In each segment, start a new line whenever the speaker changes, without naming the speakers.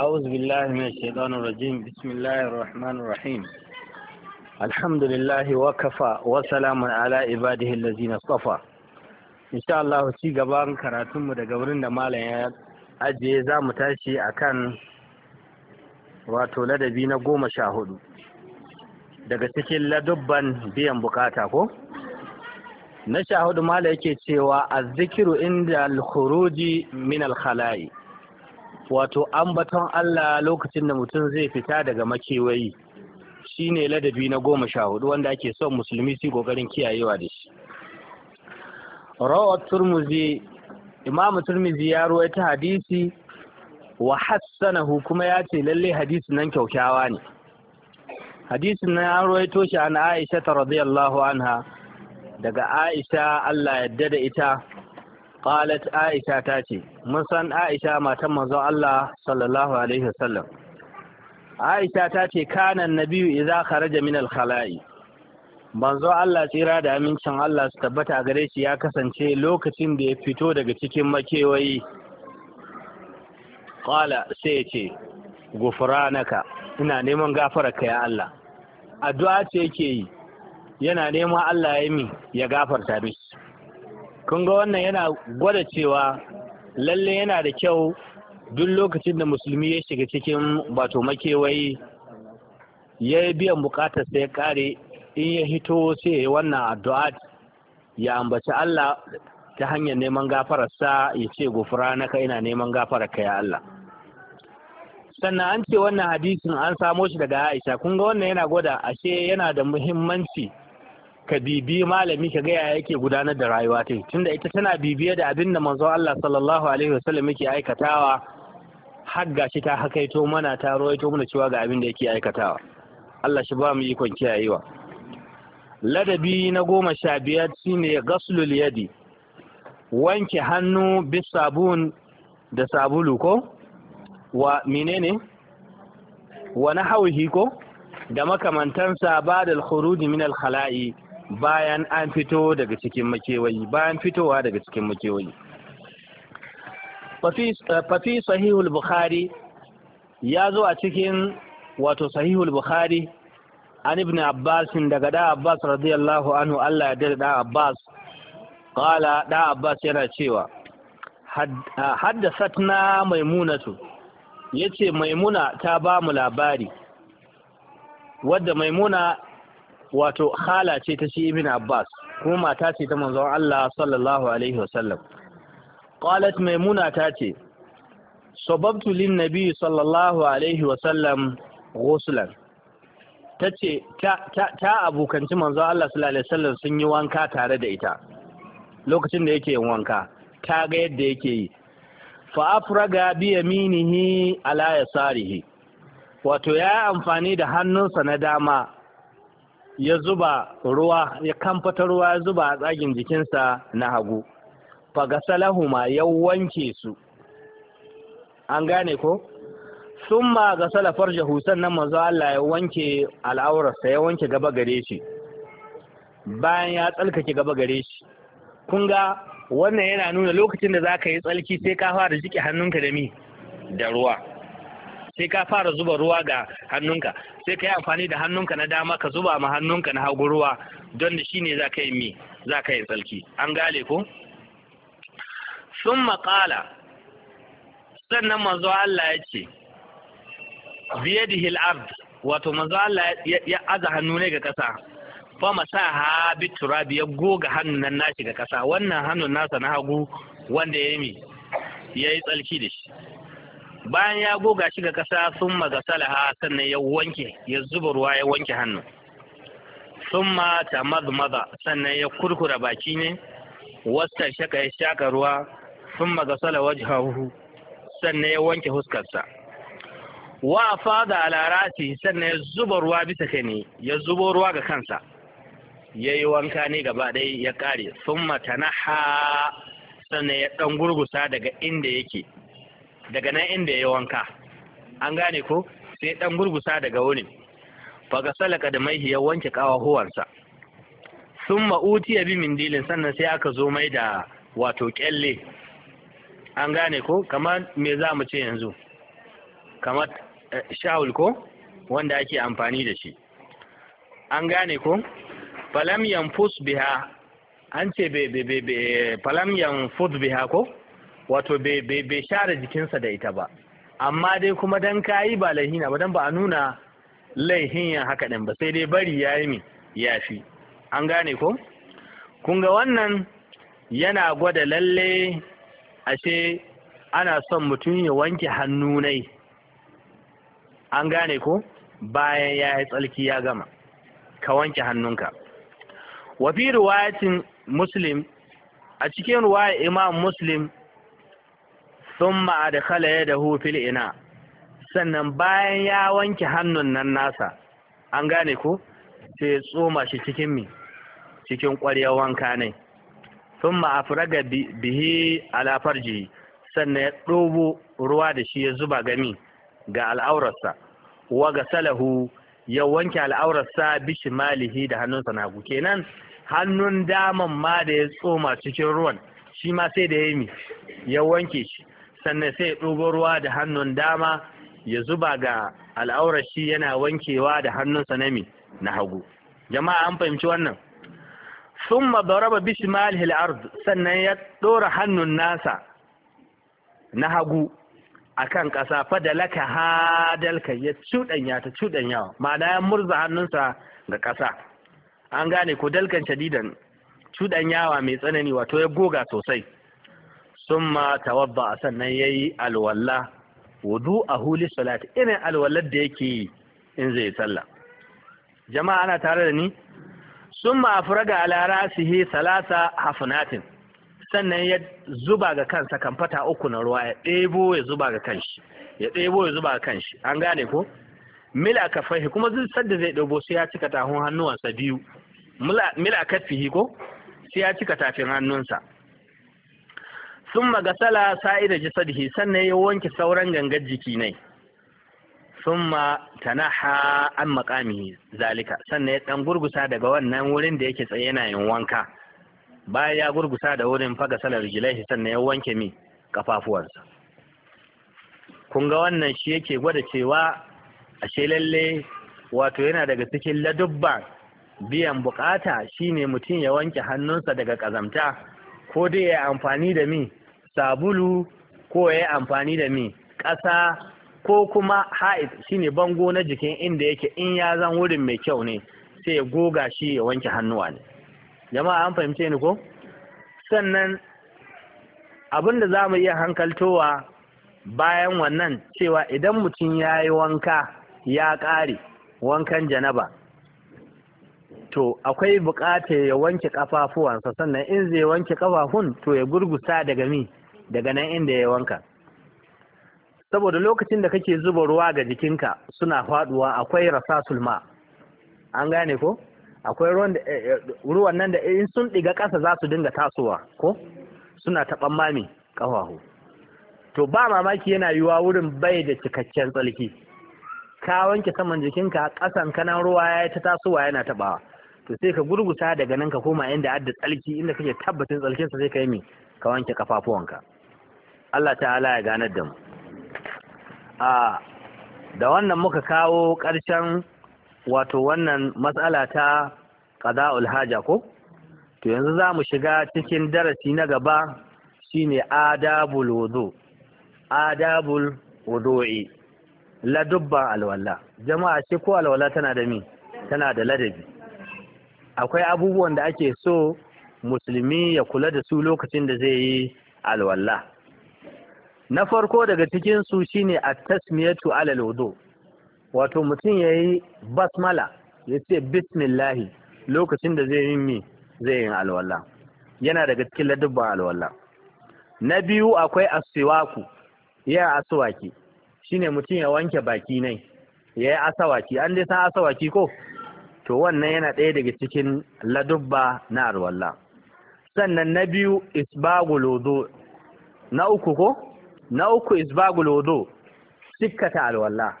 أعوذ بالله من الشيطان الرجيم بسم الله الرحمن الرحيم الحمد لله وكفى وسلام على عباده الذين اصطفى إن شاء الله gaban karatunmu daga wurin da malam ya ajiye za mu tashi akan wato ladabi na goma sha hudu daga cikin ladubban biyan bukata ko na sha hudu malam yake cewa azzikiru inda alkhuruji khuruji min al wato ambaton Allah lokacin da mutum zai fita daga makewayi shine ladabi na goma sha hudu wanda ake son musulmi su kokarin kiyayewa da shi Rawar turmuzi imamu turmuzi ya ruwa ta hadisi wa hassanahu kuma ya ce lalle hadisi nan kyaukyawa ne hadisin nan an ruwa shi an aisha ta radiyallahu anha daga aisha Allah yadda da ita qalat aisha ta ce mun san aisha matan manzon Allah sallallahu alaihi wasallam aisha ta ce kana nabiyu iza kharaja min al khala'i manzo Allah tsira da amincin Allah su tabbata gare shi ya kasance lokacin da ya fito daga cikin makewayi qala sai ce naka, ina neman gafararka ya Allah addu'a ce yake yi yana neman Allah ya mi ya gafarta mishi kun ga wannan yana gwada cewa lalle yana da kyau duk lokacin da musulmi ya shiga cikin wato makewayi ya yi biyan bukatar sai ya kare in ya hito sai ya yi wannan addu'a ya ambaci Allah ta hanyar neman gafararsa ya ce gufura na ka ina neman gafararka ya Allah sannan an ce wannan hadisin an samo shi daga Aisha kun wannan yana gwada ashe yana da muhimmanci ka bibi malami ka gaya yake gudanar da rayuwa ta tunda ita tana bibiye da abin da manzon Allah sallallahu alaihi wasallam yake aikatawa har shi ta hakaito mana ta rawaito mana cewa ga abin da yake aikatawa Allah shi ba mu ikon kiyayewa ladabi na goma sha biyar shine gaslul yadi wanke hannu bis sabun da sabulu ko wa menene wa nahawhi ko da makamantansa ba da min al-khala'i bayan an fito daga cikin makewayi bayan fitowa daga cikin makewayi eh, fafi sahihul bukhari ya zo a cikin wato sahihul bukhari an ibn abbas daga da abbas radiyallahu anhu Allah ya dada da abbas qala da abbas yana cewa eh, haddathatna maimunatu yace maimuna ta ba mu labari wadda maimuna wato hala ce ta shi ibn Abbas kuma mata ce ta manzon Allah sallallahu alaihi wasallam qalat maimuna ta ce sababtu lin nabi sallallahu alaihi wasallam ghuslan ce ta ta abokanci manzon Allah sallallahu alaihi wasallam sun yi wanka tare da ita lokacin da yake yin wanka ta ga yadda yake yi fa afraga bi yaminihi ala yasarihi wato ya amfani da hannunsa na dama ya zuba ruwa ya kamfata ruwa ya zuba a tsagin jikinsa na hagu fagasalahuma ya wanke su an gane ko Sun ga salafar jahusan sannan manzo Allah ya wanke al'aurarsa ya wanke gaba gare shi bayan ya tsalkake gaba gare shi kun ga wannan yana nuna lokacin da za ka yi tsalki sai ka fara jike hannunka da mi da ruwa sai ka fara zuba ruwa ga hannunka sai ka yi amfani da hannunka na dama ka zuba ma hannunka na hagu ruwa don da shi ne za ka yi mi za ka yi tsalki an gale ko sun maƙala sannan manzo Allah ya ce biyadihi da ard wato manzo Allah ya aza hannu ne ga kasa fa masaha biturabi ya goga hannun nashi ga kasa wannan hannun nasa na hagu wanda ya yi mi ya yi tsalki da shi bayan ya goga shi ga ƙasa sun magasalaha sannan ya wanke ya zuba ruwa ya wanke hannu sun ma ta maza-maza sannan ya kurkura baki ne wasta shaka ya shaka ruwa sun magasala wajhahu sannan ya wanke huskarsa wa fada a rasi sannan ya zuba ruwa bisa kai ne ya zubo ruwa ga kansa ya yi wanka ne gaba ɗaya ya ƙare sun ha sannan ya ɗan gurgusa daga inda yake daga nan inda ya wanka an gane ko sai dan gurgusa daga wurin faga salaka da mai ya wanke huwansa sun ma'utiya bi dilin sannan sai aka zo mai da wato kyalle an gane ko kamar me za mu ce yanzu kamar eh, shawul ko wanda ake amfani da shi an gane ko falam yanfus biha an ce be be be falam yanfus biha ko wato bai share jikinsa da ita ba amma dai kuma dan kayi ba laihina ba dan ba a nuna laihin ya haka din ba sai dai bari ya yi ya fi an gane ko kun ga wannan yana gwada lalle ashe ana son mutum ya wanke hannu nai an gane ko bayan ya yi tsalki ya gama ka wanke hannunka wafi ruwayatin muslim a cikin ruwaya imam muslim sun kala ya da fil ina sannan bayan ya wanke hannun nan nasa an gane ku? sai ya tsoma shi cikin mi cikin ƙwaryar wanka ne sun ma'afiraga bihi lafar sannan ya ɗobo ruwa da shi ya zuba gami ga al'aurarsa wa ga salahu ya wanke al'aurarsa bishi malihi da hannunsa na hagu kenan hannun daman ma da ya tsoma cikin ruwan shi ma sai da ya yi ya wanke shi sannan sai ya ruwa da hannun dama ya zuba ga al'aurashi yana wankewa da hannunsa na na hagu jama'a an fahimci wannan sun mabaraba bishimal arz sannan ya ɗora hannun nasa na hagu akan kan ƙasa fadalaka hadalka ya cuɗanya ta cuɗanyawa ma'ana ya murza hannunsa ga ƙasa an gane ko dalkan shadidan cuɗanyawa mai tsanani wato ya goga sosai summa a sannan ya yi yayi wudu a huli salati irin alwallar da yake yi in zai sallah jama'a ana tare da ni summa afraga ala rasihi salasa hafnatin sannan ya zuba ga kansa kamfata uku na ruwa ya ɗebo ya zuba ga kanshi ya ɗebo ya zuba ga kanshi an gane ko mil a kafahi kuma zai sadda zai ɗebo sai ya cika tahun hannuwansa biyu mil a kafihi ko sai ya cika tafin hannunsa sun magasala sa'ida jisadihi sannan ya wanke sauran gangar jiki ne sun ma tanaha an makami zalika sannan ya ɗan gurgusa daga wannan wurin da yake tsaye yana yin wanka bayan ya gurgusa da wurin faga salar rijilai sannan ya wanke mi kafafuwansa kun ga wannan shi yake gwada cewa ashe lalle wato yana daga cikin ladubba biyan bukata shine mutum ya wanke hannunsa daga kazamta ko dai ya amfani da mi sabulu ko ya yi amfani da mi ƙasa ko kuma ha'id shine bango na jikin inda yake in ya zan wurin mai kyau ne sai ya goga shi ya wanke hannuwa ne jama'a an fahimce ni ko sannan abin da za mu iya hankaltowa bayan wannan cewa idan mutum ya yi wanka ya ƙare wankan janaba to akwai buƙatar ya wanke ƙafafuwansa sannan in zai wanke ƙafafun to ya gurgusa daga mi daga nan inda ya wanka saboda lokacin da kake zuba ruwa ga jikinka suna faɗuwa, akwai rasasul ma an gane ko akwai eh, eh, ruwan nan da in sun ɗiga ƙasa za su dinga tasowa ko suna taɓa mami ƙafafu to ba mamaki yana yiwuwa wurin bai da cikakken tsalki ka wanke saman jikinka ƙasan kanan ruwa ya ta tasowa yana taɓawa to sai ka gurgusa daga nan ka koma inda adda tsalki inda kake tabbatin tsalkinsa sai ka yi min ka wanke kafafuwanka Allah ta'ala ya ganar da mu a da wannan muka kawo ƙarshen wato wannan matsala ta qada'ul haja ko to yanzu za mu shiga cikin darasi na gaba shine adabul wudu adabul wudu'i dubban alwala jama'a ce ko alwala tana da mi tana da ladabi akwai abubuwan da ake so musulmi ya kula da su lokacin da zai yi alwala na farko daga cikin su shine at-tasmiyatu alal wudu wato mutum yayi basmala yace "Bismillahi, lokacin da zai yi mi zai yi alwala yana daga cikin ladabban alwala na biyu akwai aswaku ya aswaki shine mutum ya wanke baki nai yayi asawaki an dai san asawaki ko to wannan yana ɗaya daga cikin ladubba na alwala sannan na biyu isbagul wudu na uku ko na uku isbagul wudu sikkata alwala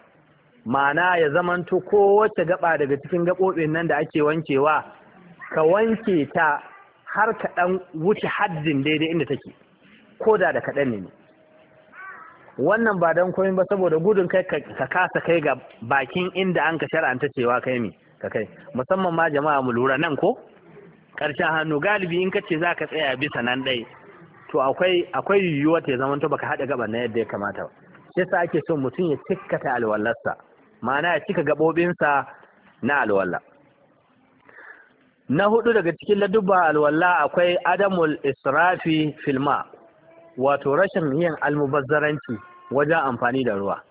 Mana ya zamanto kowace gaba daga cikin gaɓoɓin nan da ake wankewa ka wanke ta har kaɗan wuce haddin daidai inda take ko da da kaɗan ne wannan ba don komai ba saboda gudun kai ka kasa kai ga bakin inda an ka shar'anta cewa kai ne ka kai musamman ma jama'a mu lura nan ko ƙarshen hannu galibi in ka ce za ka tsaya bisa nan ɗai to akwai akwai yiwuwa ta zama to baka haɗa gaba na yadda ya kamata ba shi yasa ake son mutum ya cikkata alwallarsa ma'ana ya cika gabobinsa na alwala na hudu daga cikin ladubba alwala akwai adamul israfi filma wato rashin yin almubazzaranci wajen amfani da ruwa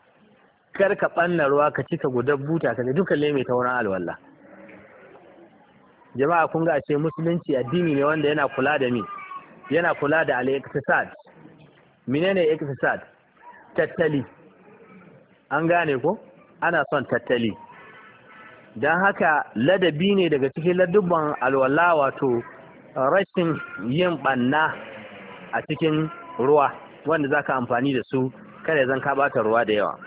kar ka ɓanna ruwa ka cika gudar buta ka duka leme ta wurin alwala jama'a kun ga ashe musulunci addini ne wanda yana kula da mi yana kula da al-iqtisad menene tattali an gane ko ana son tattali don haka ladabi ne daga cikin ladubban alwala wato rashin yin banna a cikin ruwa wanda za ka amfani da su kada zan ka bata ruwa da yawa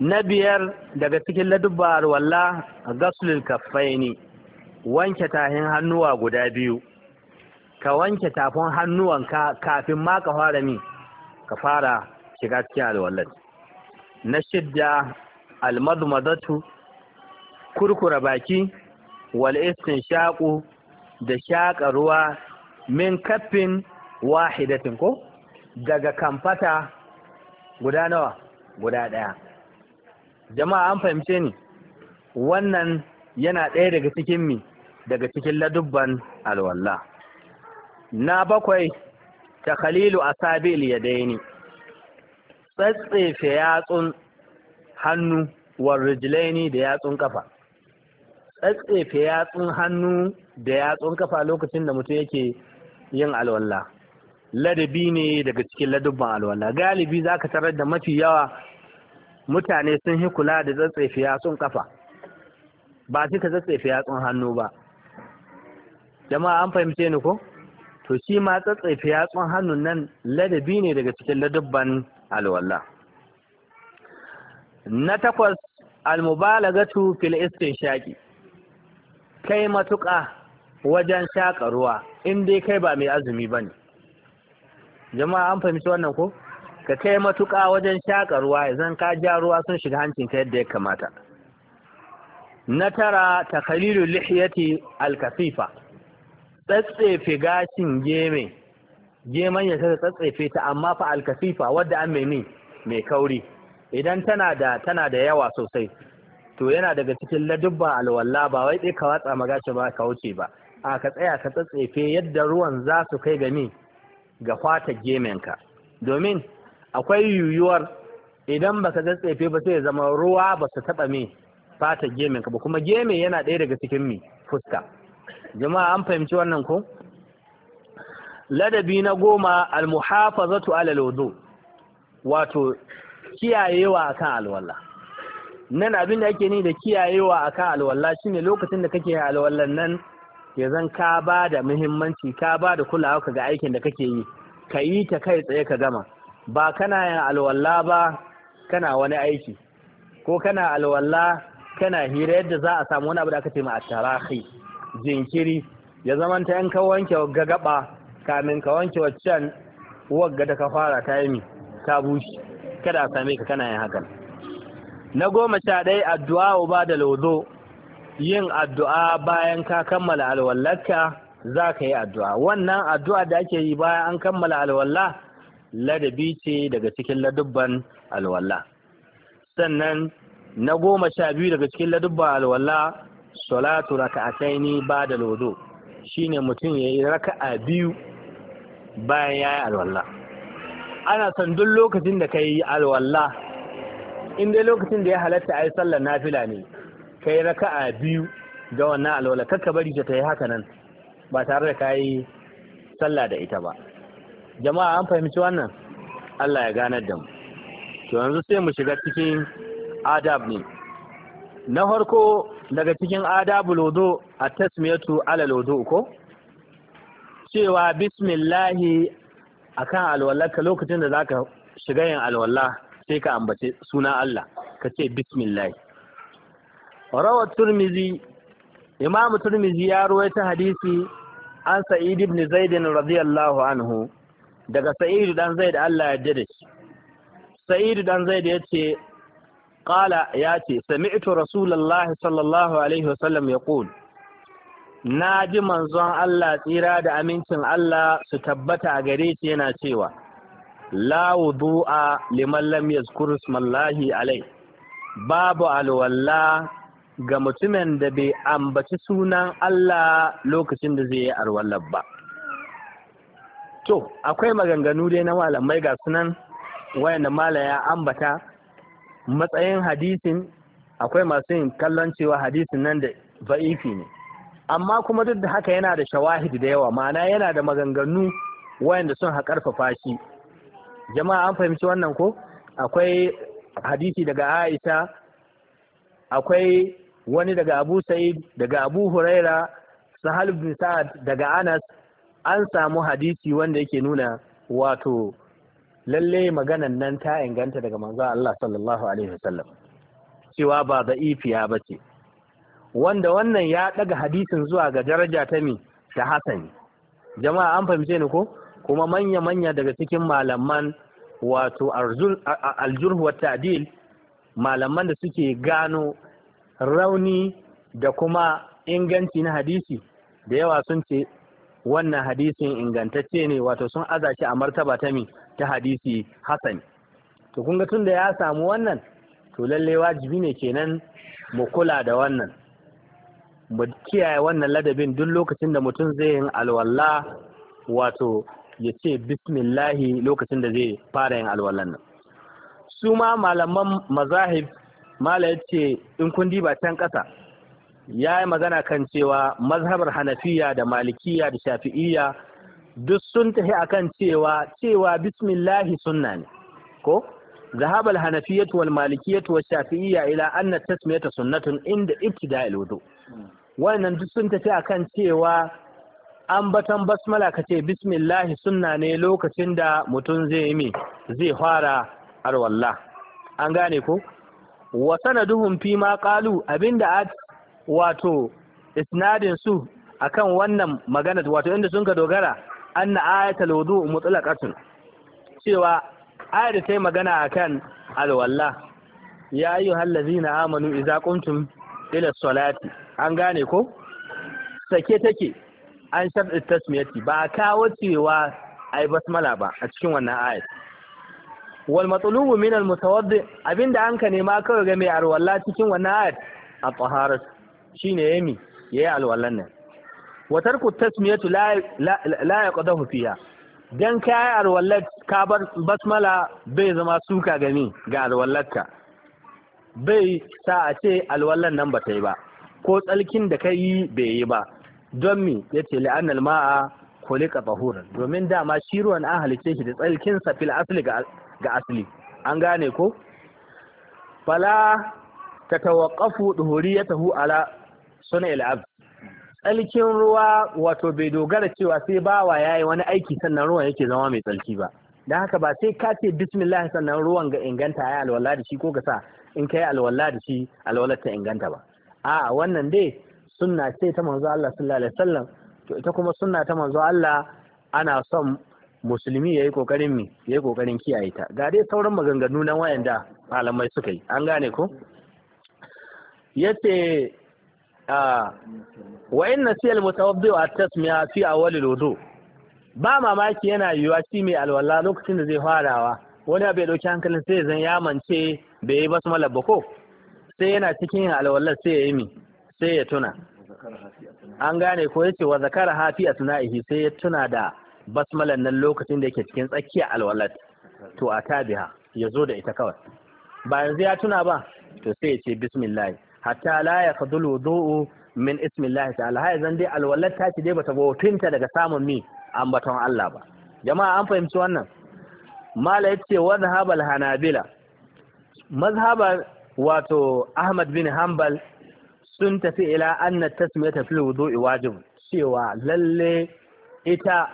na biyar daga cikin ladubba alwala gasulil kaffaini wanke tahin hannuwa guda biyu ka wanke tafin hannuwanka kafin ma ka fara mi ka fara shiga cikin alwallar na shidda almadmadatu kurkura baki wal shaƙu da shaƙa ruwa min kaffin wahidatin ko daga kamfata guda nawa guda ɗaya jama'a an fahimce ni wannan yana ɗaya daga cikin mi daga cikin ladubban alwallah na bakwai ta khalilu a sabil ya daini tsatsefe yatsun hannu wa rijilaini da yatsun kafa tsatsefe yatsun hannu da yatsun kafa lokacin da mutum yake yin alwallah ladabi ne daga cikin ladubban alwallah galibi za ka tarar da mafi yawa mutane sun yi kula da tsatsefe yatsun kafa ba su ka tsatsefe yatsun hannu ba jama'a an fahimce ni ko to shi ma tsatsaife yatsun hannun nan ladabi ne daga cikin ladabban alwala na takwas almubalagatu fil shaki. kai matuƙa wajen shaƙa ruwa in dai kai ba mai azumi ba ne jama'a an fahimci wannan ko ka kai matuƙa wajen shaƙa ruwa idan ka ja ruwa sun shiga hancin ka yadda ya kamata na tara Khalilu lihiyati alkasifa tsatsefe gashin geme geman ya ta tsatsefe ta amma fa alkasifa wadda an mai mai kauri idan tana da tana da yawa sosai to yana daga cikin ladubba alwalla ba wai dai ka watsa magashi ba ka wuce ba a ka tsaya ka tsatsefe yadda ruwan za su kai ni ga fata gemenka domin akwai yuyuwar idan baka tsatsefe ba sai zama ruwa ba su taba me fata gemenka ba kuma geme yana ɗaya daga cikin mi fuska jama'a an fahimci wannan ko ladabi na goma almuhafazatu ala alwudu wato kiyayewa akan alwala nan abin da ake ni da kiyayewa akan alwala shine lokacin da kake alwallan nan ya zan ka ba da muhimmanci ka ba da kulawa kaga aikin da kake yi ka yi ta kai tsaye ka gama ba kana yin alwala ba kana wani aiki ko kana alwala kana hira yadda za a samu wani abu da aka ce ma jinkiri ya zamanta yan ka wanke ga gaba kamin ka wanke waccan wagga da ka fara ta yi ta bushe kada a same ka kana yin hakan na goma sha ɗaya addu'a uba da lozo yin addu'a bayan ka kammala alwallarka za ka yi addu'a wannan addu'a da ake yi bayan an kammala alwalla ladabi ce daga cikin ladubban alwalla sannan na goma sha biyu daga cikin ladubban alwalla salatu raka'ataini ba'da lodo shine mutum yayi raka'a biyu bayan ya yi alwala ana san duk lokacin da kai alwala in dai lokacin da ya halatta yi sallar nafila ne kai raka'a biyu ga wannan alwala kakka bari ta yi haka nan ba tare da yi sallah da ita ba jama'a an fahimci wannan Allah ya ganar da mu to yanzu sai mu shiga cikin adab ne na farko daga cikin adabul wudu a tasmiyatu alal wudu ko cewa bismillahi akan alwallaka lokacin da zaka shiga yin alwalla sai ka ambace suna Allah ka ce bismillahi rawa turmizi imam turmizi ya ruwaita hadisi an sa'id ibn zaid radiyallahu anhu daga sa'id dan zaid Allah ya yarda da shi sa'id dan zaid yace qala ya ce sami'tu rasulullahi sallallahu alaihi wasallam yaqul na ji manzon Allah tsira da amincin Allah su tabbata a gare shi yana cewa la wudu'a liman lam yazkur ismallahi alai babu alwalla ga mutumin da bai ambaci sunan Allah lokacin da zai yi alwallar ba to akwai maganganu dai na malamai ga sunan wayanda mala ya ambata matsayin hadisin akwai masu yin kallon cewa hadisin nan da za'ifi ne amma kuma duk da haka yana da shawahid da yawa ma'ana yana da maganganu wayanda sun haƙarfafa shi jama'a an fahimci wannan ko akwai hadisi daga aisha akwai wani daga abu sa'id daga abu huraira sahal bin sa'ad daga anas an samu hadisi wanda yake nuna wato lalle maganan nan ta inganta daga manzo Allah sallallahu alaihi wasallam cewa ba da'ifiya bace wanda wannan ya daga hadisin zuwa ga daraja ta mi da hasani jama'a an fahimce ni ko kuma manya manya daga cikin malaman wato aljurh wa ta'dil malaman da suke gano rauni da kuma inganci na hadisi da yawa sun ce wannan hadisin ingantacce ne wato sun aza shi a martaba ta mi ta hadisi Hassan to kun ga da ya samu wannan to lalle wajibi ne kenan mu kula da wannan mu kiyaye wannan ladabin duk lokacin da mutum zai yin alwala wato ya ce bismillahi lokacin da zai fara yin alwallan nan su ma malaman mazahib mala ce in kun diba can ƙasa ya yi magana kan cewa mazhabar hanafiya da malikiya da shafi'iyya. duk sun tafi akan cewa cewa bismillahi sunna ne ko ذهب الحنفية والمالكية والشافعية إلى أن التسمية inda عند da الوضوء wannan duk sun tafi akan cewa ambaton basmala kace bismillahi sunna ne lokacin da mutum zai yi zai fara arwalla an gane ko wa sanaduhum fi ma qalu abinda at wato isnadinsu su akan wannan maganar wato inda sun ka dogara anna ayatul wudu mutlaqatun cewa ayar da yi magana akan alwalla ya ayyuhal na amanu izakuntun qumtum ila salati an gane ko sake take an shafi tasmiyati ba a kawo cewa yi basmala ba a cikin wannan ayat wal matlubu min al mutawaddi abinda an ka nema kawai ga mai alwala cikin wannan ayat a taharat shine yami yayi alwallan nan Watar tarku tasmiyatu la la yaqdahu fiha dan kai arwallat ka bar basmala bai zama suka gani ga arwallatka bai sa a ce alwallan nan ba ta yi ba ko tsalkin da ka yi bai yi ba don mi ya ce ma ma'a kulika tahuran domin dama shi ruwan an halice shi da tsalkinsa fil asli ga asli an gane ko fala ta tawaqqafu duhuriyatahu ala sunna al abd tsalkin ruwa wato bai dogara cewa sai bawa ya yi wani aiki sannan ruwan yake zama mai tsalki ba don haka ba sai ka ce bismillah sannan ruwan ga inganta ya alwala da shi ko ka sa in ka yi alwala da shi alwalar ta inganta ba a wannan dai sunna ce ta manzo Allah sallallahu alaihi wasallam to ita kuma sunna ta manzo Allah ana son musulmi yayi kokarin mi yayi kokarin kiyaye ta ga dai sauran maganganu na wayanda malamai suka yi an gane ko yace Ah. wa inna siyal a wa tasmiya fi awwalil wudu ba mamaki yana yiwuwa shi mai alwala lokacin da zai farawa wani abu ya dauki hankalin sai zan ya mance bai yi su ba ko sai yana cikin yin alwala sai ya yi mi sai ya tuna an gane ko yace wa zakara hafi a tunaihi sai ya tuna da basmalan nan lokacin da yake cikin tsakiya alwalat to a tabiha ya zo da ita kawai ba yanzu ya tuna ba to sai ya ce bismillah hatta la ya fadul zo'o min ismillahi ta'ala hay zan dai alwalar ta ce dai bata tinta daga samun mi an baton Allah ba jama'a an fahimci wannan mala yace wa zahabal hanabila mazhaba wato Ahmad bin Hanbal sun tafi ila anna tasmiyata fil wudu'i wajib cewa lalle ita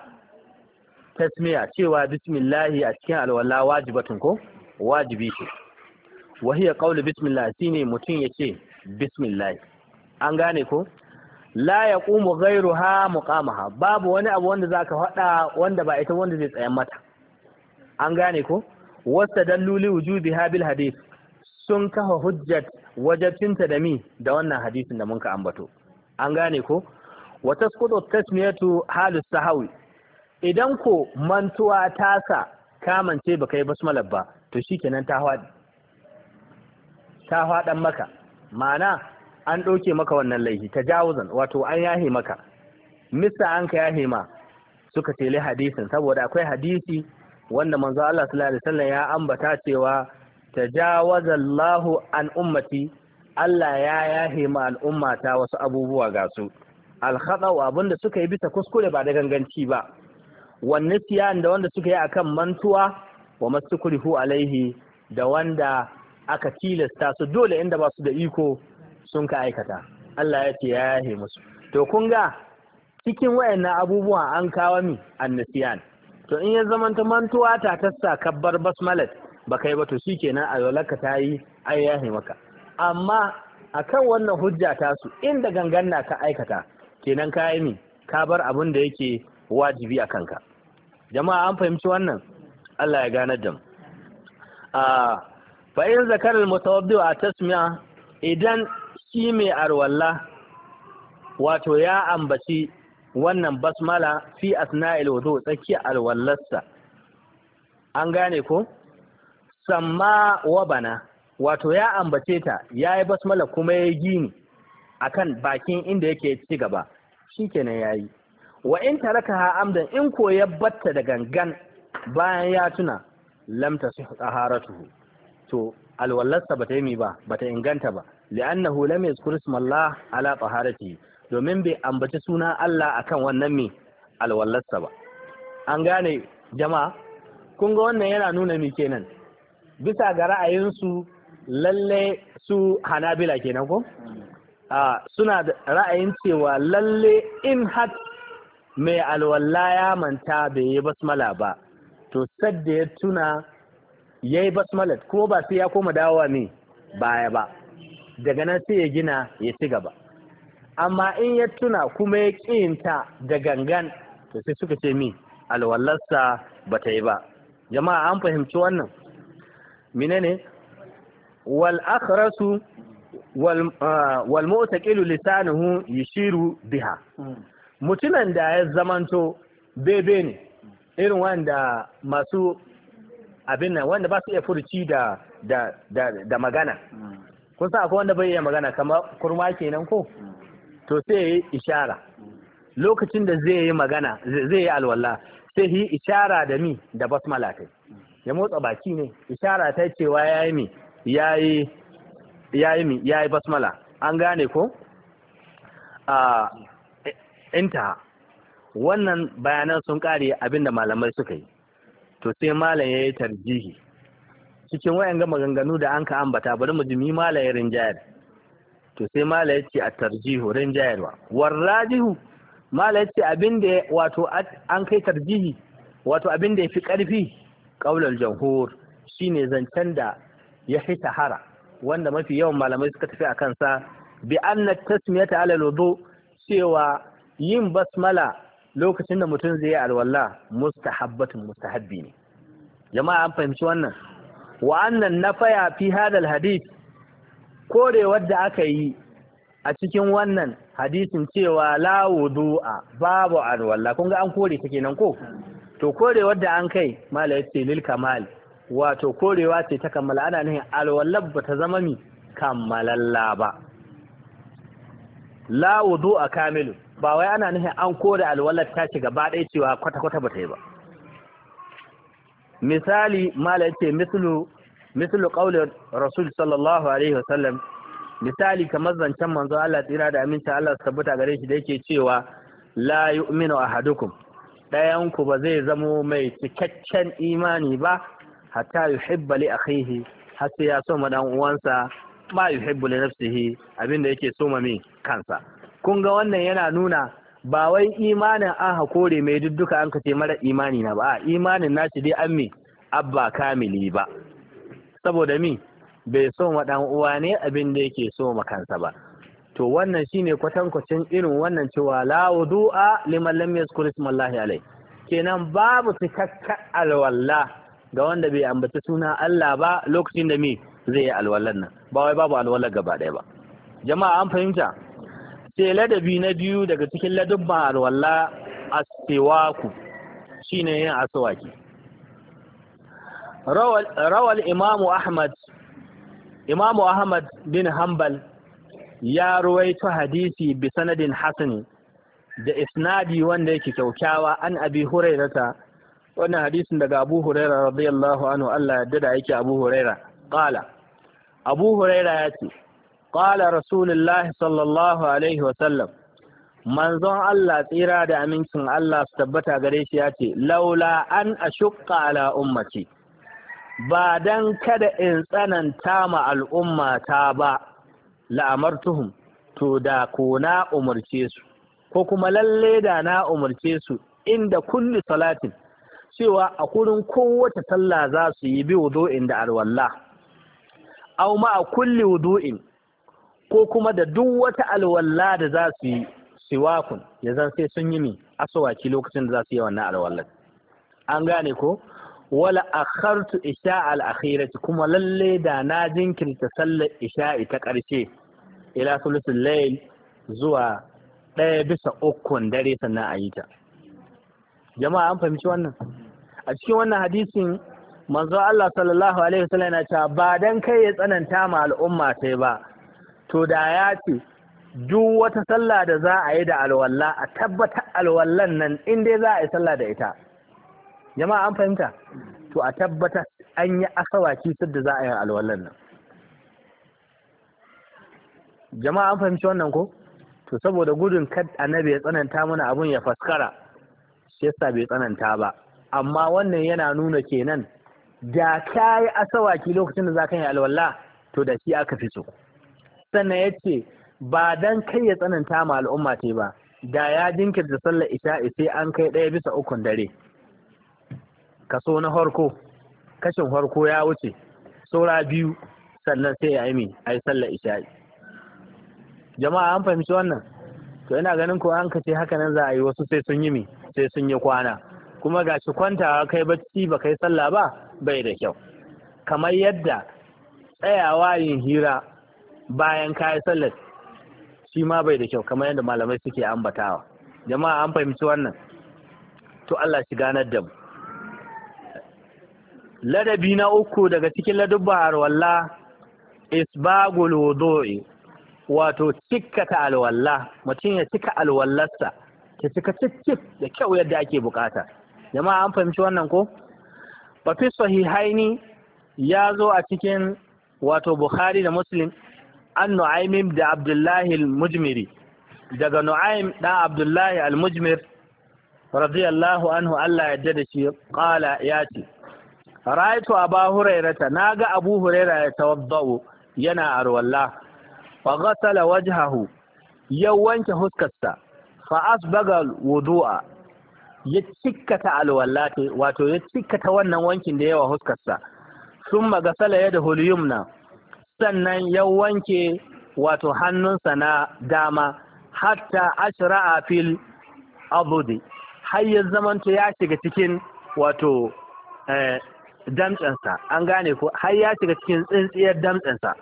tasmiya cewa bismillahi a cikin alwala wajibatun ko wajibi ce wa hiya qawlu bismillah shine mutum yace bismillah an gane ko la ya ƙumu gairu ha muƙamaha babu wani abu wanda za ka faɗa wanda ba ita wanda zai tsayan mata an gane ko wasta dalluli wujubi habil hadith sun kafa hujjat wajabcinta da mi da wannan hadisin da mun ka ambato an gane ko wa tasqutu tasmiyatu halus sahawi idan ko mantuwa ta tasa kamance baka yi basmalar ba to shikenan ta hawa ta hwadan maka ma'ana an ɗauke maka wannan laifi ta jawuzan wato an yahe maka mista an ka yahe ma suka ce hadisin saboda akwai hadisi wanda manzo Allah sallallahu alaihi wasallam ya ambata cewa tajawazallahu an ummati Allah ya yahe ma al'ummata wasu abubuwa ga su wa abinda suka yi bisa kuskure ba da ganganci ba wanne siyan da wanda suka yi akan mantuwa wa masukrihu alaihi da wanda aka tilasta su dole inda ba su da iko sun ka aikata Allah ya ce ya yahe musu to kun ga cikin wayannan abubuwa an kawo mi annasiyan to in ya zama ta mantuwa ta tassa kabbar basmalat ba kai ba to shikenan alwalarka ta yi an yahe maka amma akan wannan hujja ta su inda gangan na ka aikata kenan ka yi mi ka bar abin da yake wajibi a kanka jama'a an fahimci wannan Allah ya ganar da mu ah, fa’in zakarar zakar a tasmiya idan shi mai arwalla wato ya ambaci wannan basmala fi asna'il wato tsakiyar alwallarsa an gane ko samma wa bana wato ya ambace ta ya yi basmala kuma ya gini A kan bakin inda yake ci gaba shi ya yi. wa in ka amdan in ko ya batta da gangan bayan ya tuna lamta su haratu. to alwallarsa ta yi mi ba ba ta inganta ba li'annahu lam yazkur ismallah ala taharati domin bai ambaci suna Allah akan wannan mi alwallarsa ba an gane jama'a kun ga wannan yana nuna mi kenan bisa ga ra'ayinsu lalle su hanabila kenan ko suna da ra'ayin cewa lalle in hat mai alwalla ya manta bai yi basmala ba to sadda ya tuna ya yi basmalat kuma ba sai ya koma dawowa mai baya ba daga nan sai ya gina ya ci gaba amma in ya tuna kuma ya ƙinta da gangan to sai suka ce mi alwallarsa ba ta yi ba jama'a an fahimci wannan ne wal akhrasu wal ah, wal mu'taqilu lisanuhu yushiru biha hmm. mutumin da ya zamanto bebe ne irin wanda masu abin nan wanda ba su iya furci da da magana kun san akwai wanda bai iya magana kamar kurma kenan ko to sai yi ishara lokacin da zai yi magana zai yi alwala sai yi ishara da mi da basmala kai ya motsa baki ne ishara ta cewa yayi mi yayi yayi mi yayi basmala an gane ko a inta wannan bayanan sun kare abin da malamai suka yi to sai malam ya yi tarjihi cikin wayan maganganu da an ka ambata bari mu jimi malam ya rinjayar to sai malam ya ce a tarjihu rinjayarwa warrajihu malam ya ce abin da wato an kai tarjihi wato abin da ya fi karfi ƙaular jamhur shine zancen da ya fi tahara wanda mafi yawan malamai suka tafi a kansa bi anna tasmiyata ala wudu cewa yin basmala lokacin da mutum zai yi alwala mustahabbatun mustahabbi ne jama'a an fahimci wannan wa'annan na faya fi hadal hadith korewar da aka yi a cikin wannan hadisin cewa la wudu'a babu alwala kun ga an kore ta nan ko to korewar da an kai mala yace lil kamal wato korewa ce ta kammala ana nihin alwala ba ta zama mi kammalalla ba la wudu a kamilu ba wai ana nufin an kore alwalar ta ci gaba ɗaya cewa kwata-kwata ba ta yi ba misali mala ce mislu mislu rasul sallallahu alaihi wasallam misali kamar zancen manzo Allah tsira da aminta Allah su tabbata gare shi da yake cewa la yu'minu ahadukum dayan ku ba zai zamo mai cikakken imani ba hatta yuhibba a akhihi har sai ya so ma dan uwansa ma yuhibbu li nafsihi abinda yake so ma me kansa kun ga wannan yana nuna ba wai imanin an hakore mai dudduka an kace mara imani na ba imanin nashi dai an me abba kamili ba saboda mi bai so ma dan uwa ne abin da yake so ma kansa ba to wannan shine kwatankwacin irin wannan cewa la wudu'a liman lam yazkur ismallahi alai kenan babu cikakken alwala ga wanda bai ambaci suna Allah ba lokacin da mi zai yi alwalan nan ba wai babu alwala gaba ɗaya ba jama'a an fahimta sai ladabi na biyu daga cikin ladubban alwala as shi shine yin asuwaki. rawal imamu ahmad imamu ahmad bin hanbal ya ruwaito hadisi bi sanadin hasani da isnadi wanda yake kyaukyawa an abi hurairata wannan hadisin daga abu huraira radiyallahu anhu Allah ya da yake abu huraira kala. abu huraira ya ce qala rasulullahi sallallahu alaihi wasallam manzon Allah tsira da amincin Allah su tabbata gare shi ya ce laula an ashukka ala ummati ba dan kada in tsananta ma al'umma ta ba la'amartuhum to da ko na umarce su ko kuma lallai da na umarce su inda kulli salatin cewa a kurin kowace sallah za su yi bi wudu'in da alwallah Auma a kulli wudu'in ko kuma da duk wata alwala da za su yi siwakun ya zan sai sun yi mi asawaki lokacin da za su yi wannan alwallar an gane ko wala akhartu isha al akhirati kuma lalle da na jinkirta sallar isha'i ta karshe ila sulusul layl zuwa ɗaya bisa ukun dare sannan a yi ta jama'a an fahimci wannan a cikin wannan hadisin manzo Allah sallallahu alaihi wasallam yana cewa ba dan kai ya tsananta ma al'umma sai ba to da ya ce duk wata sallah da za a yi da alwallah a tabbatar alwallan nan in za a yi sallah da ita jama'a an fahimta to a tabbatar an yi asawaki da za a yi alwallan nan jama'a an fahimci wannan ko to saboda gudun kad annabi ya tsananta mana abun ya faskara shi yasa bai tsananta ba amma wannan yana nuna kenan da ka yi asawaki lokacin da za ka yi alwallah to da shi aka fi so sannan ya ce ba dan kai ya tsananta ma al'umma ce ba da ya jinkirta sallar isha'i sai an kai ɗaya bisa ukun dare kaso na harko kashin harko ya wuce saura biyu sannan sai ya yi aimi a yi sallar isha'i jama'a an fahimci wannan to ina ganin ko an kace haka nan za a yi wasu sai sun yi mi sai sun yi kwana kuma ga shi kwantawa kai bacci ba kai sallah ba bai da kyau kamar yadda tsayawa yin hira bayan kayi sallar shi ma bai da kyau kamar yadda malamai suke ambatawa jama'a an fahimci wannan to Allah shi ganar da mu ladabi na uku daga cikin ladubba walla isbagul wudu'i wato cikkata alwalla mutum ya cika alwallarsa ta cika cikin da kyau yadda ake bukata jama'a an fahimci wannan ko ba fi sahihaini ya zo a cikin wato bukhari da muslim an nu'aimim da abdullahi al-mujmiri daga nu'aim ɗan abdullahi al-mujmir radiyallahu anhu Allah ya da shi ƙala ya ce raitu aba hurairata na ga abu huraira ya tawadda'u yana arwalla fa ghasala wajhahu ya wanke huskarsa fa asbaga wudu'a ya cikkata alwallati wato ya cikkata wannan wankin da yawa huskarsa summa ghasala yadahu al-yumna sannan ya wanke wato hannunsa na dama hatta a fil abudi har ya zamanto ya shiga cikin wato eh, damtsansa an gane ko har ya shiga cikin tsintsiyar damtsansa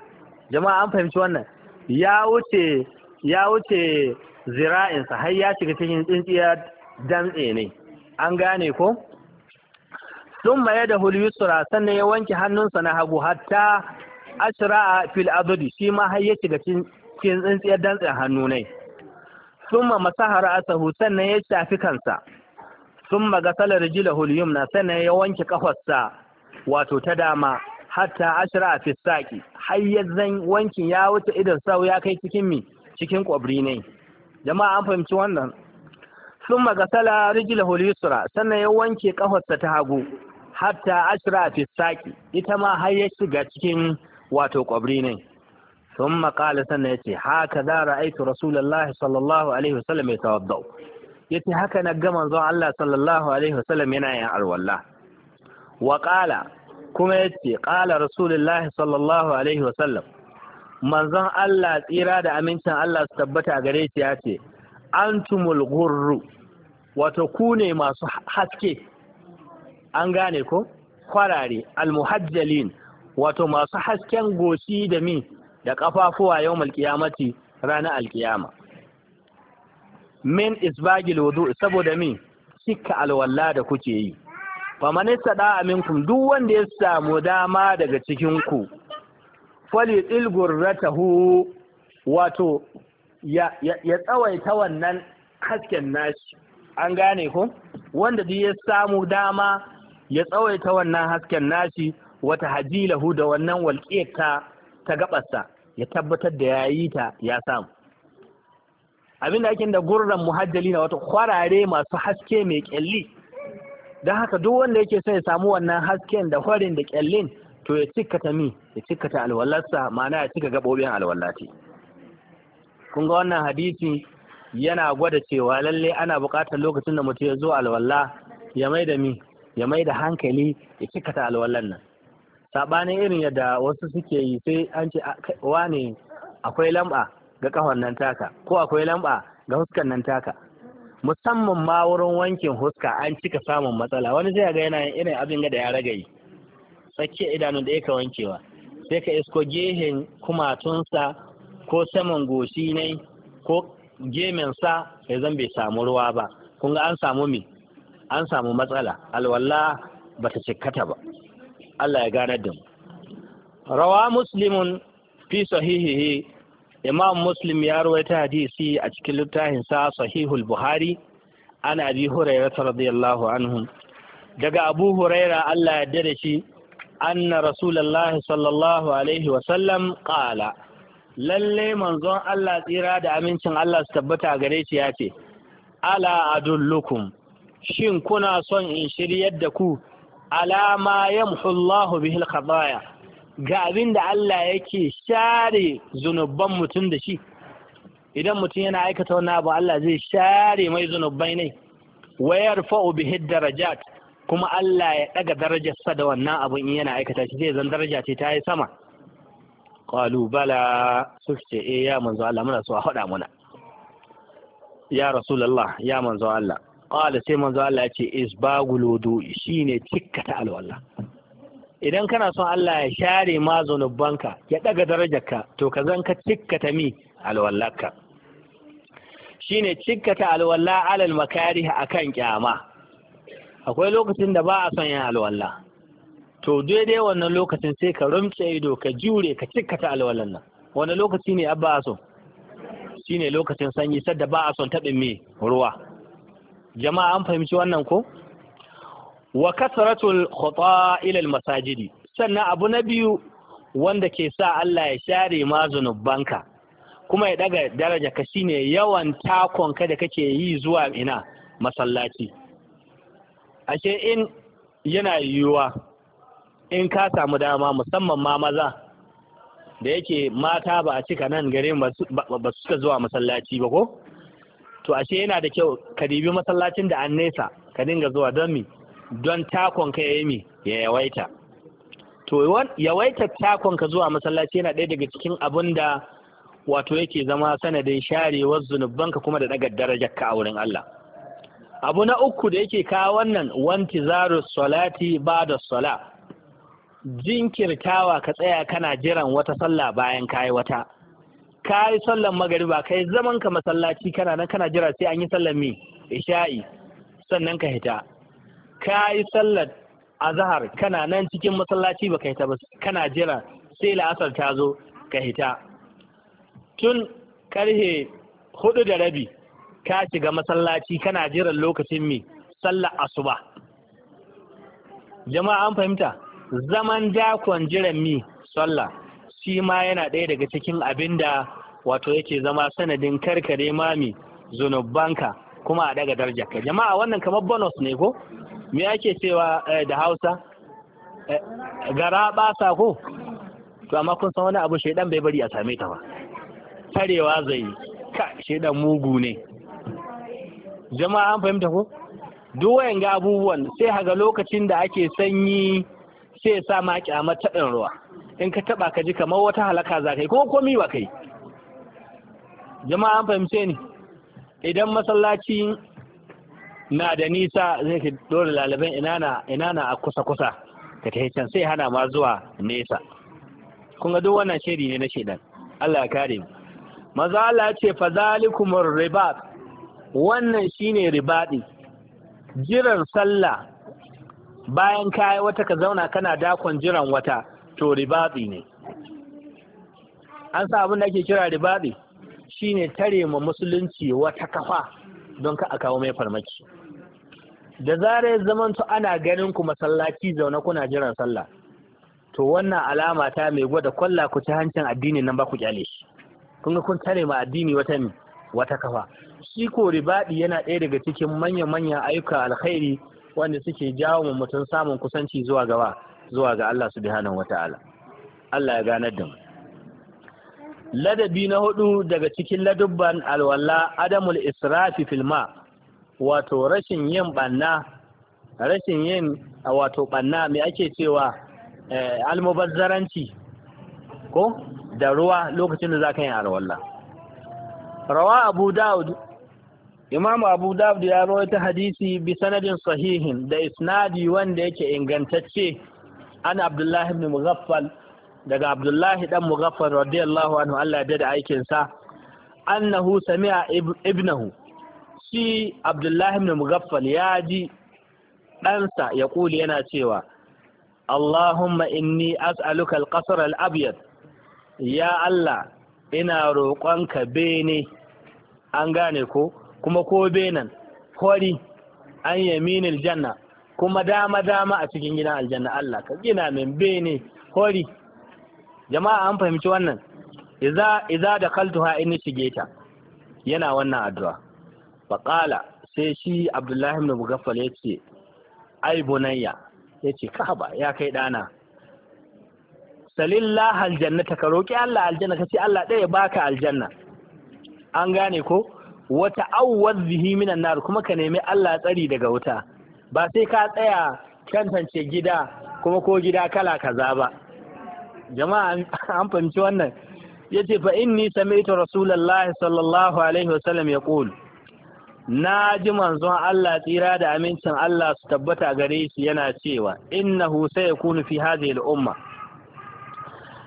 jama'a an fahimci wannan ya wuce ya wuce zira'insa har ya shiga cikin tsintsiyar damtse ne an gane ko sun maye da hulyusura sannan ya wanke hannunsa na hagu hatta ashra'a fil adudi shi ma har ya shiga cikin tsintsiyar dantsen hannu ne summa masahara asahu sannan ya shafi kansa summa gasala rijlahu al-yumna sannan ya wanke kafarsa wato ta dama hatta ashra fi saqi har ya zan wankin ya wuce idan sau ya kai cikin mi cikin kwabri ne jama'a an fahimci wannan summa gasala rijlahu al-yusra sannan ya wanke kafarsa ta hagu hatta ashra fi saqi ita ma har ya shiga cikin wato kwabri ne sun makala sannan ya ce haka za ra'aitu rasulallah sallallahu alaihi wasallam ya tawaddau ya ce haka na gama zuwa Allah sallallahu alaihi wasallam yana yin alwala wa kala kuma ya ce kala rasulullah sallallahu alaihi wasallam manzon Allah tsira da amincin Allah su tabbata gare shi ya ce antumul gurru wato ku ne masu haske an gane ko kwarare muhajjalin. wato masu hasken goshi da mi da kafafuwa yau malkiyamati ranar alkiyama min isbagil wudu saboda mi cika alwala da kuke yi faman amin kun duk wanda ya samu dama daga cikin ku fali ilgurratahu wato ya ya tsawaita wannan hasken nashi an gane ku. wanda duk ya samu dama ya tsawaita wannan hasken nashi wata hajilahu da wannan walƙiyar ta gabasa, ya tabbatar da yayi ta ya samu abinda ake da gurran muhajjali na wata kwarare masu haske mai kyalli don haka duk wanda yake son ya samu wannan hasken da kwarin da kyallin to ya cikkata mi ya cikkata alwallarsa mana ya cika gabobin alwallati kun ga wannan hadisi yana gwada cewa lalle ana buƙatar lokacin da mutum ya zo alwalla ya mai da mi ya mai da hankali ya cikkata alwallar nan sabanin irin yadda wasu suke yi sai an ce ne akwai lamba ga kahon nan taka ko akwai lamba ga huskan nan taka musamman ma wurin wankin huska an cika samun matsala wani zai ga yana irin abin da ya yi tsakiyar idanu da ka wankewa sai ka isko gehen kumatunsa ko saman goshi ne ko gemensa ya zan bai samu ruwa ba kun an samu me an samu matsala ba bata cikkata ba Allah ya gane da mu rawa muslimun fi sahihihi imam muslim ya ta hadisi a cikin littafin sa sahihul buhari an abi huraira radiyallahu anhu daga abu huraira Allah ya dade shi anna rasulullahi sallallahu alaihi wa sallam qala lalle manzon Allah tsira da amincin Allah su tabbata gare shi ya ce ala adullukum shin kuna son in shiryar da ku alama ya muhullahu bihil khataya ga abin da Allah yake share zunuban mutum da shi idan mutum yana aikata wani abu Allah zai share mai zunubbai ne wayar fa'u bihi darajat kuma Allah ya daga sa da wannan abu in yana aikata shi zai zan daraja ce ta yi sama qalu bala suka ce eh ya manzo Allah muna so a hada muna ya rasulullah ya manzo Allah qala sai manzo Allah ya ce isbagul wudu shine cikkata alwala idan kana son Allah ya share ma zanubanka ya daga darajarka to ka zan ka cikkata mi alwallaka shine cikkata alwala alal makarih akan kyama akwai lokacin da ba a son yin alwala to daidai wannan lokacin sai ka rumce ido ka jure ka cikkata alwalan nan wannan lokaci ne abba so shine lokacin sanyi sadda ba a son tabin me ruwa jama'a an fahimci wannan ko wa kasratul khata ila al masajidi sannan abu na biyu wanda ke sa Allah ya share ma zanubanka kuma ya daga daraja ka shine yawan takon ka da kake yi zuwa ina masallaci ashe in yana yiwuwa in ka samu dama musamman ma maza da yake mata ba a cika nan gare ba su suka zuwa masallaci ba ko to ashe yana da kyau ka dibi masallacin da an nesa ka dinga zuwa don mi don takon ka yi mi ya yawaita to yawaita takon ka zuwa masallaci yana ɗaya daga cikin abin da wato yake zama sanadin sharewar zunubban ka kuma da daga darajar ka a wurin Allah abu na uku da yake kawo wannan wanti zaru salati ba da sala jinkirtawa ka tsaya kana jiran wata sallah bayan kayi wata ka yi sallan magariba ka yi zaman ka masallaci kana nan kana jira sai an yi sallan me isha'i sannan ka hita ka yi sallar azhar kana nan cikin masallaci baka hita ba kana jira sai la'asar ta zo ka hita tun karhe hudu da rabi ka shiga masallaci kana jiran lokacin me sallar asuba jama'a an fahimta zaman dakon jiran mi sallah shi ma yana ɗaya daga cikin abin da wato yake zama sanadin karkare mami zunubanka kuma a daga ka jama'a wannan kamar bonus ne ko me ake cewa eh, da hausa eh, gara sa ko to amma kun san wani abu shaidan bai bari a same ta ba tarewa zai ka shaidan mugu ne jama'a an fahimta ko duk wayan ga abubuwan sai haga lokacin da ake sanyi sai sa ma kyamar taɗin ruwa in ka taba ka ji kamar wata halaka za ka yi kuma komi ba kai jama'a an fahimce ni idan masallaci na da nisa zai ka dole lalaban ina na a kusa kusa ka ta can sai hana ma zuwa nesa kun ga duk wannan shiri ne na shedan Allah ya kare mu maza Allah ce fa zalikumur ribat wannan shine ribadi jiran sallah bayan kayi wata ka zauna kana dakon jiran wata to ribaɗi ne an sa abin da ake kira ribaɗi shine tare ma musulunci wata kafa don ka a kawo mai farmaki da zarar zamanto ana ganin ku masallaci zaune kuna jiran sallah to wannan alama ta mai gwada kwalla ku ci hancin addini nan ba ku kyale shi kun ga kun tare ma addini wata wata kafa shi ko ribaɗi yana ɗaya daga cikin manya-manyan ayyukan alkhairi wanda suke jawo mutum samun kusanci zuwa gaba zuwa ga Allah subhanahu wata'ala Allah ya ganar da mu ladabi na hudu daga cikin ladubban alwala adamul israfi filma wato rashin yin banna rashin yin wato banna mai ake cewa eh, almubazzaranci ko da ruwa lokacin da za ka yi alwala rawa abu dawud imamu abu dawud ya rawaita hadisi bi sanadin sahihin da isnadi wanda yake ingantacce an abdullahi ibn mughaffal daga abdullahi dan mughaffal radiyallahu anhu Allah ya da aikin sa annahu sami'a ibnahu shi abdullahi ibn mughaffal ya ji ɗansa ya kuli yana cewa Allahumma inni as'aluka al-qasr al-abyad ya Allah ina roƙonka bene an gane ko kuma ko benan hori an yaminil janna kuma dama dama a cikin gidan aljanna Allah ka gina min bene hori jama'a an fahimci wannan Iza idza da kaltuha in shige ta yana wannan addu'a faqala sai shi Abdullahi ibn Mughaffal yace ai bunayya yace kahaba ya kai dana salillah aljanna ka roki Allah aljanna kace Allah ɗaya baka aljanna an gane ko wata awwaz bihi minan nar kuma ka nemi Allah tsari daga wuta ba sai ka tsaya tantance gida kuma ko gida kala kaza ba jama'a an fahimci wannan yace fa inni sami'tu Rasulallah! sallallahu alaihi wasallam yaqul na ji manzon Allah tsira da amincin Allah su tabbata gare shi yana cewa innahu sayakunu fi hadhihi al-umma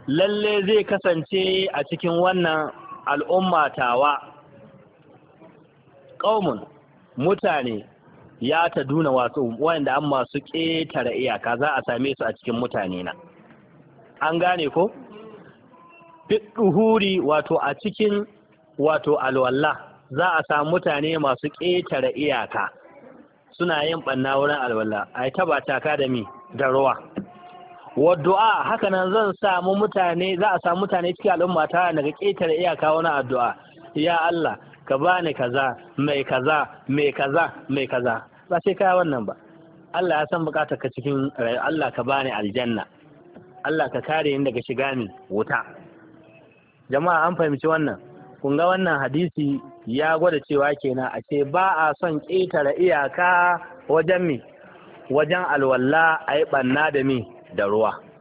lalle zai kasance a cikin wannan al'umma tawa qaumun mutane ya ta duna wasu, wanda an masu ƙetare iyaka za a same su a cikin mutane na an gane ko duhuri wato a cikin wato alwallah za a samu mutane masu ƙetare iyaka suna yin ɓanna wurin alwallah a ta ba taka da mi da ruwa waddu'a haka nan zan samu mutane za a samu mutane cikin al'umma ta daga ƙetare iyaka wani addu'a ya Allah ka bani kaza mai kaza mai kaza mai kaza ba sai kaya wannan ba Allah ya san bukatar ka cikin rayuwa Allah ka bani aljanna Allah ka kare ni daga shiga ni wuta jama'a an fahimci wannan kun ga wannan hadisi ya gwada cewa kenan a ce ba a son ƙetare iyaka wajen mi wajen alwala a yi ɓanna da mi da ruwa